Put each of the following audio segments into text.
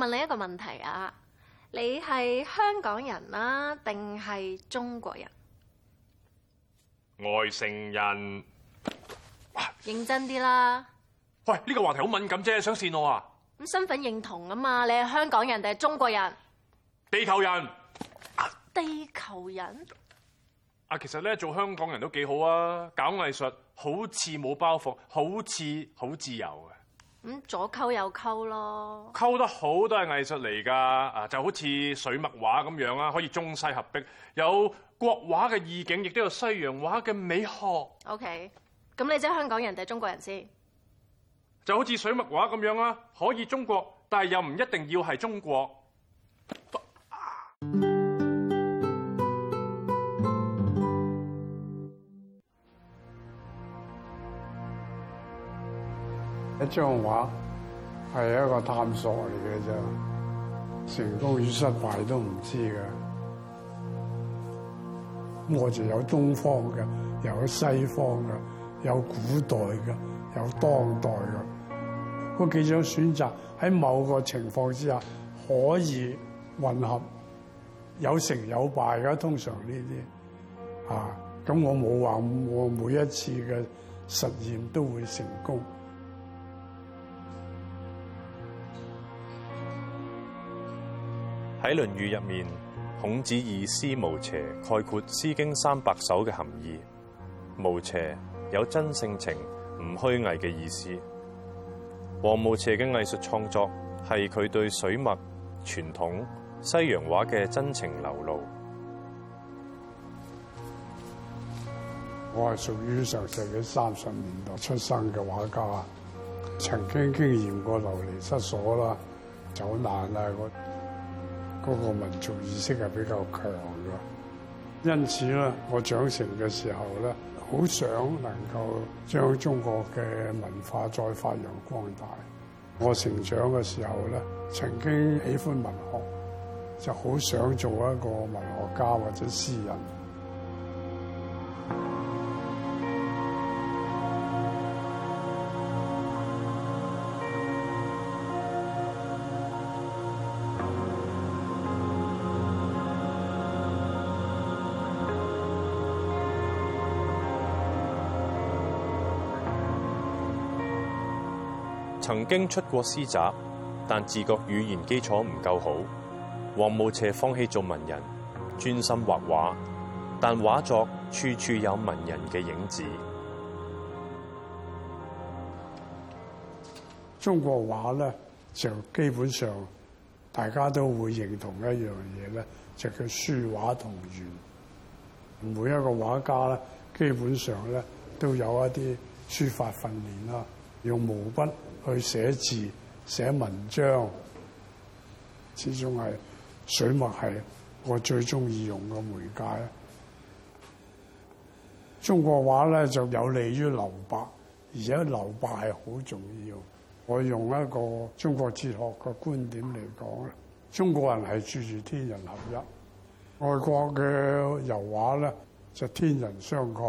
我問你一個問題啊，你係香港人啦定係中國人？外星人，認真啲啦。喂，呢個話題好敏感啫，想線我啊？咁身份認同啊嘛，你係香港人定係中國人？地球人。地球人？啊，其實咧做香港人都幾好啊，搞藝術好似冇包袱，好似好自由嘅。咁左溝右溝咯，溝得好都係藝術嚟㗎，啊就好似水墨畫咁樣啊。可以中西合璧，有國畫嘅意境，亦都有西洋畫嘅美學。OK，咁你即係香港人定係中國人先？就好似水墨畫咁樣啊。可以中國，但係又唔一定要係中國。But... 一張畫係一個探索嚟嘅啫，成功與失敗都唔知嘅。咁我就有東方嘅，又有西方嘅，有古代嘅，有當代嘅。嗰幾種選擇喺某個情況之下可以混合，有成有敗嘅。通常呢啲，啊，咁我冇話我每一次嘅實驗都會成功。喺《論語》入面，孔子以思無邪概括《詩經》三百首嘅含義。無邪有真性情，唔虛偽嘅意思。王無邪嘅藝術創作係佢對水墨傳統西洋畫嘅真情流露。我係屬於上世紀三十年代出生嘅畫家，曾經經驗過流離失所啦，走難啦，嗰個民族意識係比較強嘅，因此咧，我長成嘅時候咧，好想能夠將中國嘅文化再發揚光大。我成長嘅時候咧，曾經喜歡文學，就好想做一個文學家或者詩人。經出過詩集，但自覺語言基礎唔夠好。王無邪放棄做文人，專心畫畫，但畫作處處有文人嘅影子。中國畫咧，就基本上大家都會認同一樣嘢，咧，就叫書畫同源。每一個畫家咧，基本上咧都有一啲書法訓練啦，用毛筆。去寫字寫文章，始終係水墨係我最中意用嘅媒介。中國畫咧，就有利於留白，而且留白係好重要。我用一個中國哲學嘅觀點嚟講咧，中國人係住住天人合一，外國嘅油畫咧，就天人相抗，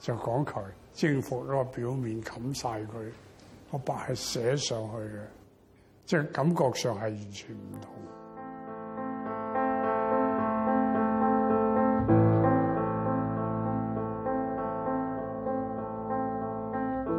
就講佢征服咗個表面冚晒佢。我白係寫上去嘅，即係感覺上係完全唔同。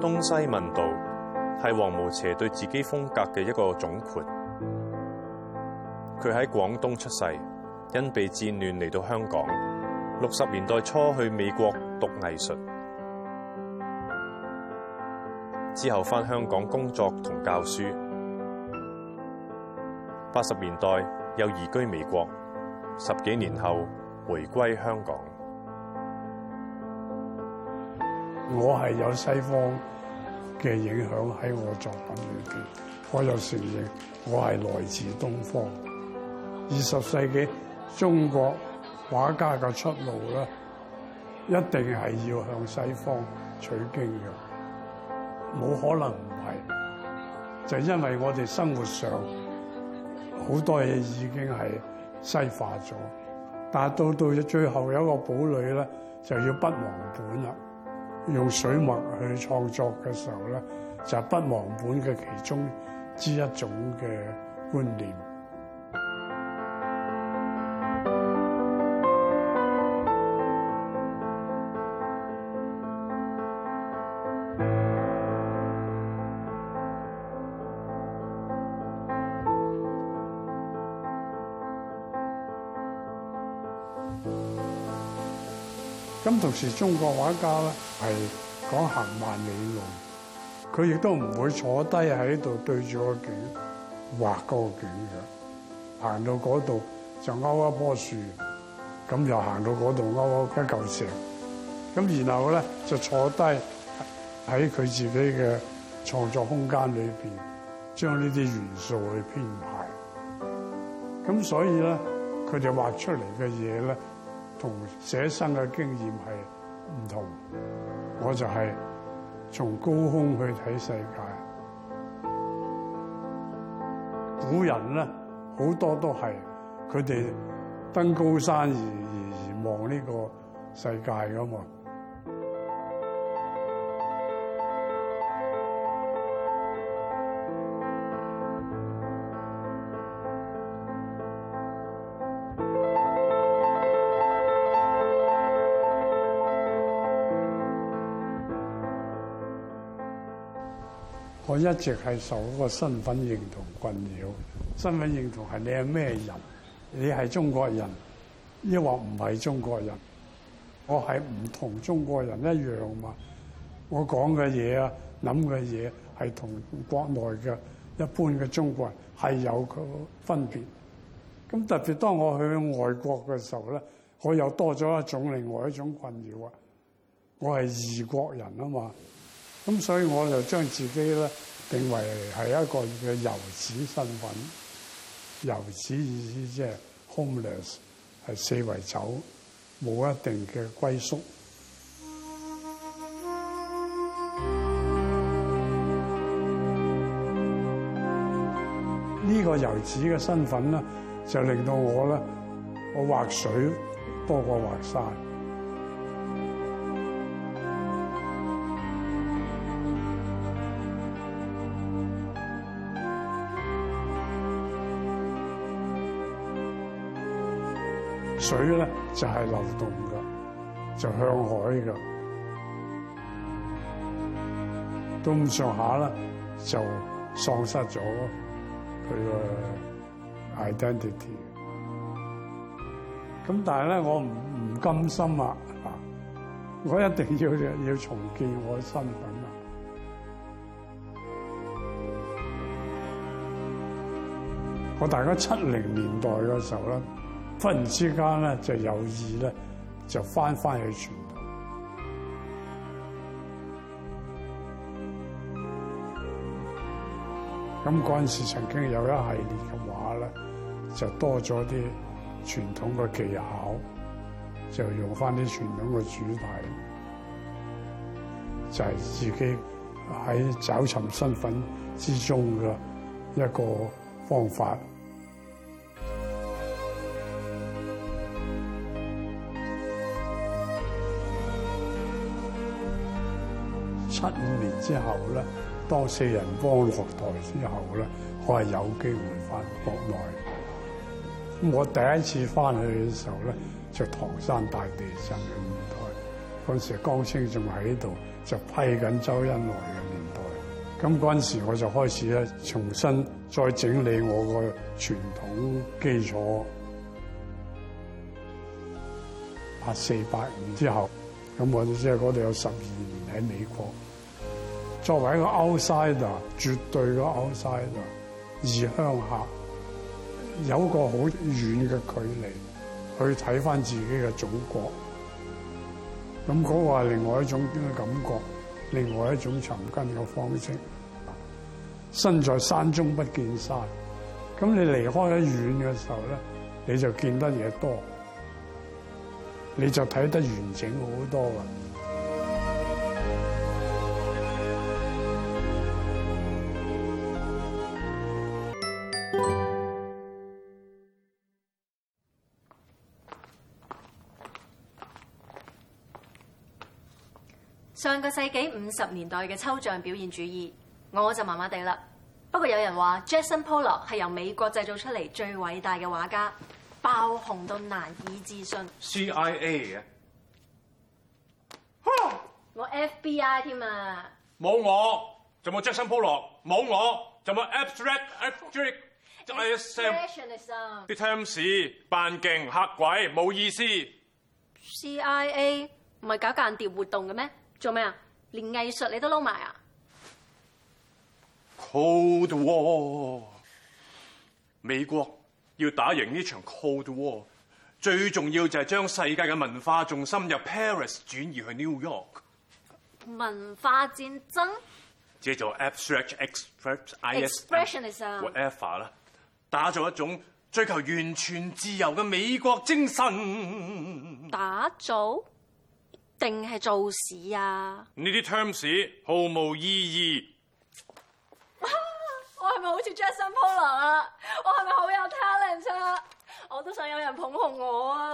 東西問道係王無邪對自己風格嘅一個總括。佢喺廣東出世，因被戰亂嚟到香港，六十年代初去美國讀藝術。之後翻香港工作同教書，八十年代又移居美國，十幾年後回歸香港。我係有西方嘅影響喺我作品裏邊，我又承認我係來自東方。二十世紀中國畫家嘅出路咧，一定係要向西方取經嘅。冇可能唔係，就因為我哋生活上好多嘢已經係西化咗，但係到到最後有一個堡壘咧，就要不忘本啦。用水墨去創作嘅時候咧，就是不忘本嘅其中之一種嘅觀念。同時，中國畫家咧，係講行萬里路，佢亦都唔會坐低喺度對住個景畫個景嘅，行到嗰度就勾一棵樹，咁又行到嗰度勾一嚿石，咁然後咧就坐低喺佢自己嘅創作空間裏邊，將呢啲元素去編排。咁所以咧，佢哋畫出嚟嘅嘢咧。和生的經驗是不同，寫生嘅經驗係唔同，我就係從高空去睇世界。古人咧好多都係佢哋登高山而而而望呢個世界㗎嘛。我一直係受嗰個身份認同困擾。身份認同係你係咩人？你係中國人，抑或唔係中國人？我係唔同中國人一樣嘛。我講嘅嘢啊，諗嘅嘢係同國內嘅一般嘅中國人係有個分別。咁特別當我去外國嘅時候咧，我又多咗一種另外一種困擾啊！我係異國人啊嘛～咁所以我就將自己咧定為係一個嘅遊子身份，遊子意思即係 homeless，係四圍走，冇一定嘅歸宿。呢個遊子嘅身份咧，就令到我咧，我畫水多過畫山。水咧就係流動㗎，就向海㗎。到咁上下啦，就喪失咗佢個 identity。咁但係咧，我唔唔甘心啊！我一定要要重建我身份啊！我大概七零年代嘅時候咧。忽然之間咧，就有意咧，就返返去傳統。咁嗰陣時曾經有一系列嘅畫咧，就多咗啲傳統嘅技巧，就用返啲傳統嘅主題，就係自己喺找尋身份之中嘅一個方法。七五年之後咧，當四人幫落台之後咧，我係有機會翻國內。我第一次翻去嘅時候咧，就唐山大地震嘅年代，嗰時江青仲喺度，就批緊周恩來嘅年代。咁嗰陣時我就開始咧，重新再整理我個傳統基礎。八四八五之後，咁我就即係嗰度有十二年喺美國。作為一個 outsider，絕對個 outsider，而鄉下有個好遠嘅距離去睇翻自己嘅祖國，咁嗰個係另外一種感覺，另外一種尋根嘅方式。身在山中不見山，咁你離開得遠嘅時候咧，你就見得嘢多，你就睇得完整好多喇！上個世紀五十年代嘅抽象表現主義，我就麻麻地啦。不過有人話，Jackson Pollock 係由美國製造出嚟最偉大嘅畫家，爆紅到難以置信。CIA 啊、哦，FBI 我 FBI 添啊，冇我就冇 Jackson Pollock 冇我就冇 Abstract Expressionism。啲 Times 扮勁嚇鬼，冇意思。CIA 唔係搞間諜活動嘅咩？做咩啊？連藝術你都撈埋啊？Cold War，美國要打贏呢場 Cold War，最重要就係將世界嘅文化重心由 Paris 轉移去 New York。文化戰爭？借助 Abstract Expressionist，whatever 啦，打造一種追求完全自由嘅美國精神。打造？定係做事啊！呢啲 terms 毫無意義。我係咪好似 Jackson Pollock 啊？我係咪好有 talent 啊？我都想有人捧紅我啊！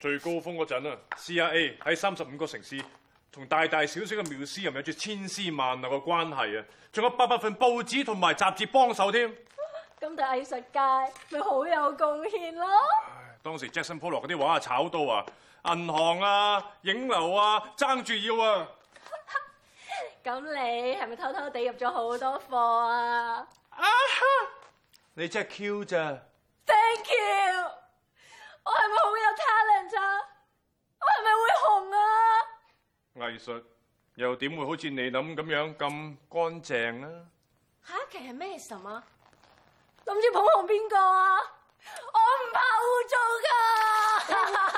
最高峰嗰陣啊，CIA 喺三十五個城市，同大大小小嘅繆斯人有住千絲萬縷嘅關係啊！仲有八百份報紙同埋雜誌幫手添。咁對藝術界咪好有貢獻咯？當時 Jackson Pollock 嗰啲畫啊，炒到啊！銀行啊，影樓啊，爭住要啊！咁 你係咪偷偷地入咗好多貨啊？ 你真係 Q 咋？Thank you！我係咪好有 talent 啊？我係咪會紅啊？藝術又點會好似你諗咁樣咁乾淨啊？下一期係咩神啊？諗住捧紅邊個啊？我唔怕污糟噶。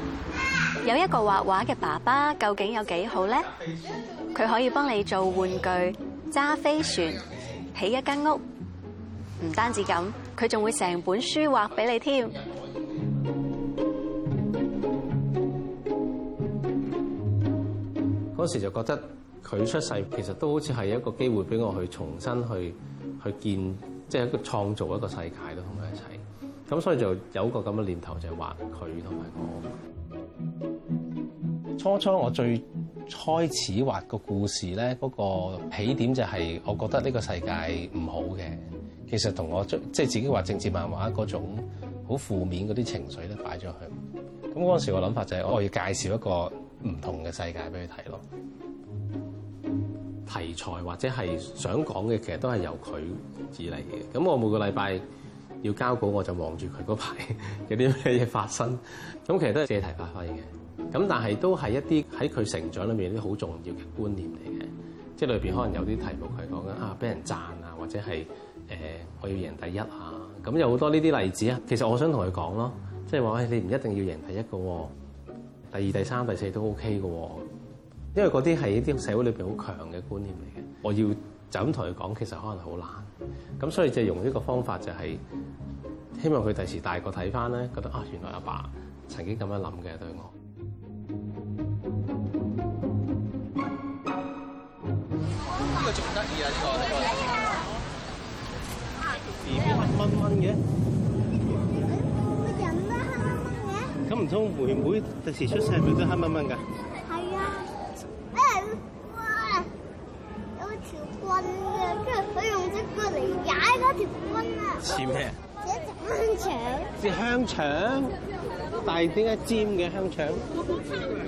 有一個畫畫嘅爸爸，究竟有幾好咧？佢可以幫你做玩具、揸飛船、起一間屋，唔單止咁，佢仲會成本書畫俾你添。嗰時就覺得佢出世其實都好似係一個機會，俾我去重新去去建，即係一個創造一個世界咯，同佢一齊。咁所以就有個咁嘅念頭，就係畫佢同埋我。初初我最開始畫個故事咧，嗰個起點就係我覺得呢個世界唔好嘅。其實同我即即係自己畫政治漫畫嗰種好負面嗰啲情緒咧，擺咗去。咁嗰時我諗法就係我要介紹一個唔同嘅世界俾佢睇咯。題材或者係想講嘅，其實都係由佢而嚟嘅。咁我每個禮拜要交稿，我就望住佢嗰排有啲咩嘢發生。咁其實都係借題發揮嘅。咁但係都係一啲喺佢成長裏面啲好重要嘅觀念嚟嘅，即係裏邊可能有啲題目係講緊啊，俾人讚啊，或者係誒、呃、我要贏第一啊。咁有好多呢啲例子啊。其實我想同佢講咯，即係話誒你唔一定要贏第一嘅，第二、第三、第四都 O K 嘅，因為嗰啲係一啲社會裏邊好強嘅觀念嚟嘅。我要就咁同佢講，其實可能好難，咁所以就用呢個方法、就係，就係希望佢第時大個睇翻咧，覺得啊原來阿爸，爸曾經咁樣諗嘅對我黑蚊蚊嘅，咁唔通妹妹第時出世係咪都黑蚊蚊噶？係啊，咩、哎？哇，有條棍嘅，跟住佢用隻棍嚟踩嗰條棍啊！似咩、啊？一條香腸。似香腸，但係點解尖嘅香腸？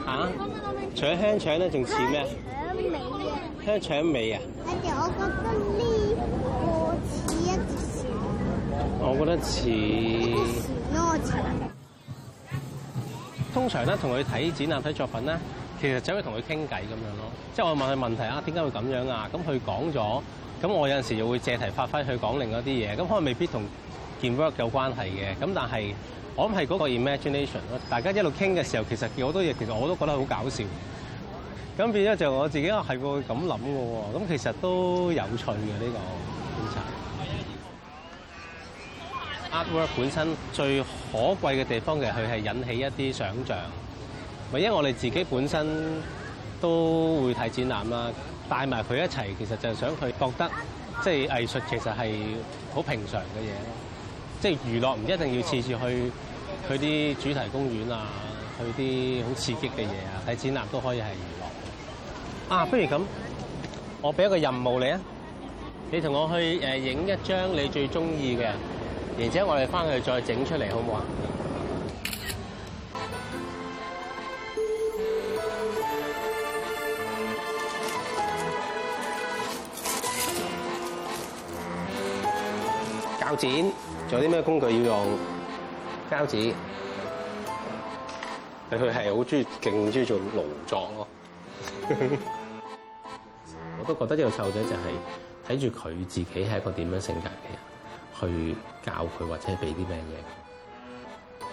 吓？除咗香腸咧，仲似咩啊？香腸味啊！香腸味啊！我哋我覺得呢。我覺得似通常咧，同佢睇展覽睇作品咧，其實走去同佢傾偈咁樣咯。即係我問佢問題啊，點解會咁樣啊？咁佢講咗，咁我有陣時又會借題發揮去講另一啲嘢。咁可能未必同件 work 有關係嘅。咁但係我諗係嗰個 imagination 咯。大家一路傾嘅時候，其實好多嘢其實我都覺得好搞笑。咁變咗就我自己係會咁諗嘅喎。咁、啊、其實都有趣嘅呢個觀察。Artwork 本身最可貴嘅地方，其實佢係引起一啲想像。咪因為我哋自己本身都會睇展覽啦，帶埋佢一齊，其實就係想佢覺得，即係藝術其實係好平常嘅嘢。即係娛樂唔一定要次次去去啲主題公園啊，去啲好刺激嘅嘢啊，睇展覽都可以係娛樂。啊，不如咁，我俾一個任務你啊，你同我去誒影一張你最鍾意嘅。然之後我哋翻去再整出嚟，好唔好啊？鉸剪，仲有啲咩工具要用？膠紙。佢係好中意，勁中意做勞作咯。 我都覺得呢個細路仔就係睇住佢自己係一個點樣性格嘅人。去教佢或者俾啲咩嘢？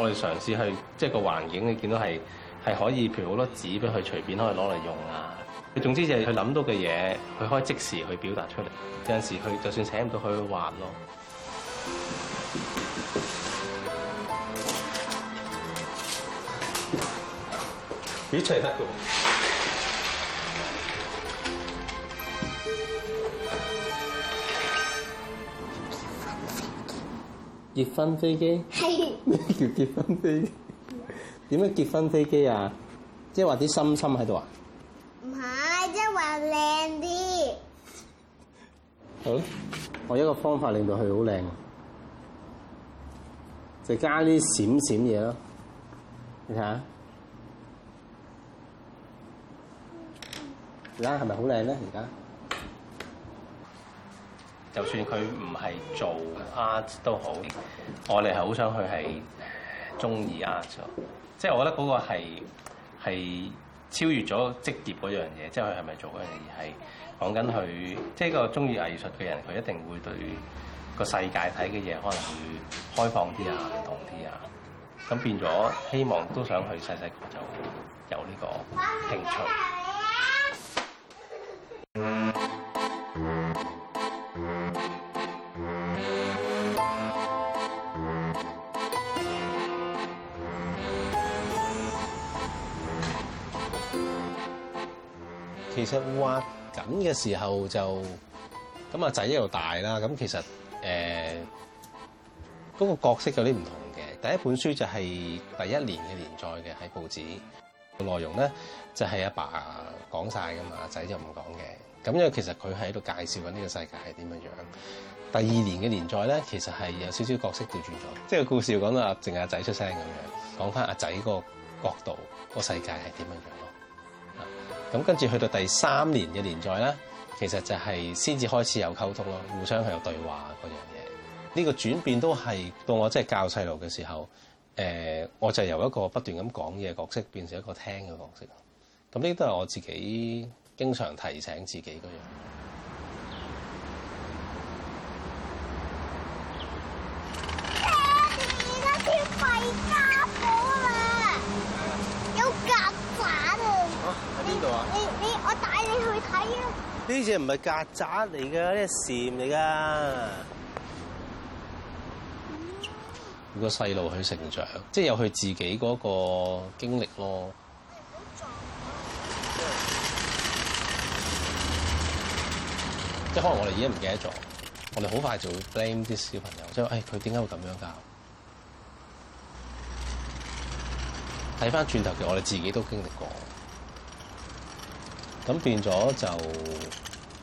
我哋嘗試去，即係個環境你見到係係可以，譬如好多紙俾佢隨便可以攞嚟用啊。佢總之就係佢諗到嘅嘢，佢可以即時去表達出嚟。有陣時佢就算請唔到，佢去畫咯，啊。你砌得多。結婚飛機？咩叫結婚飛機？點解結婚飛機啊？即係話啲心心喺度啊？唔係，即係話靚啲。好，我有一個方法令到佢好靚啊，就加啲閃閃嘢咯。你睇下，而家係咪好靚咧？而家？就算佢唔係做 art 都好，我哋係好想去係中意 art，即係我覺得嗰個係係超越咗職業嗰樣嘢，即係佢係咪做嗰樣嘢，而係講緊佢即係個中意藝術嘅人，佢一定會對個世界睇嘅嘢可能會開放啲啊，唔同啲啊，咁變咗希望都想佢細細個就有呢個興趣。挖緊嘅時候就咁阿仔一路大啦。咁其實誒嗰、呃、個角色有啲唔同嘅。第一本書就係第一年嘅連載嘅喺報紙，內容咧就係、是、阿爸講晒嘅嘛，阿仔就唔講嘅。咁因為其實佢喺度介紹緊呢個世界係點樣樣。第二年嘅連載咧，其實係有少少角色調轉咗，即係個故事講到阿淨係阿仔出聲咁樣，講翻阿仔個角度個世界係點樣樣。咁跟住去到第三年嘅年代咧，其實就係先至開始有溝通咯，互相係有對話嗰樣嘢。呢、這個轉變都係到我即係教細路嘅時候，誒、呃、我就由一個不斷咁講嘢嘅角色變成一個聽嘅角色。咁呢都係我自己經常提醒自己嗰樣。Daddy, 呢隻唔係曱甴嚟嘅，呢係蟬嚟㗎。如果個細路去成長，即係有佢自己嗰個經歷咯。即係 可能我哋已經唔記得咗，我哋好快就會 blame 啲小朋友，即係誒佢點解會咁樣㗎？睇翻轉頭，其實我哋自己都經歷過。咁變咗就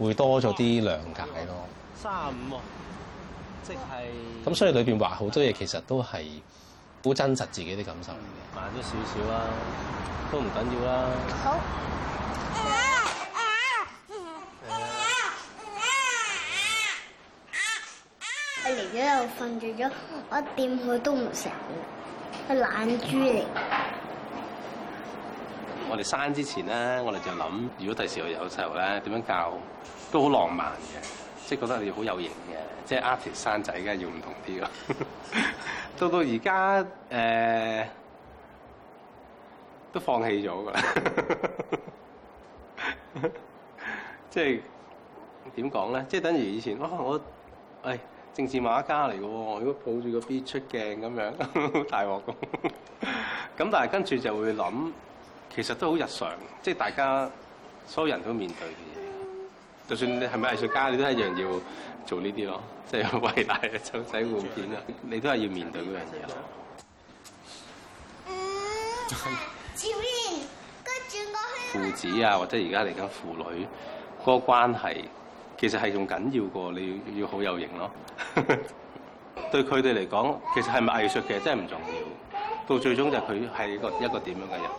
會多咗啲諒解咯。三五喎，即係咁，所以裏面話好多嘢其實都係好真實自己啲感受嚟嘅。慢咗少少啦，都唔緊要啦。好我。我嚟咗又瞓住咗，我點佢都唔醒，我懶豬嚟。我哋生之前咧，我哋就諗，如果第時我有細路咧，點樣教都好浪漫嘅，即係覺得你好有型嘅，即係 artist 生仔梗係要唔同啲咯。到到而家誒都放棄咗㗎啦，即係點講咧？即係等於以前啊、哦，我係、哎、政治畫家嚟嘅喎，如果抱住個 B 出鏡咁樣大鑊咁，咁但係跟住就會諗。其實都好日常，即係大家所有人都面對嘅嘢、嗯。就算你係咪藝術家，你都一樣要做呢啲咯。即係偉大嘅湊仔換片啦，你都係要面對嗰樣嘢咯。嗯、 父子啊，或者而家嚟緊父女嗰個關係，其實係仲緊要過你要要好有型咯。 對佢哋嚟講，其實係咪藝術嘅真係唔重要。到最終就係佢係一個一個點樣嘅人。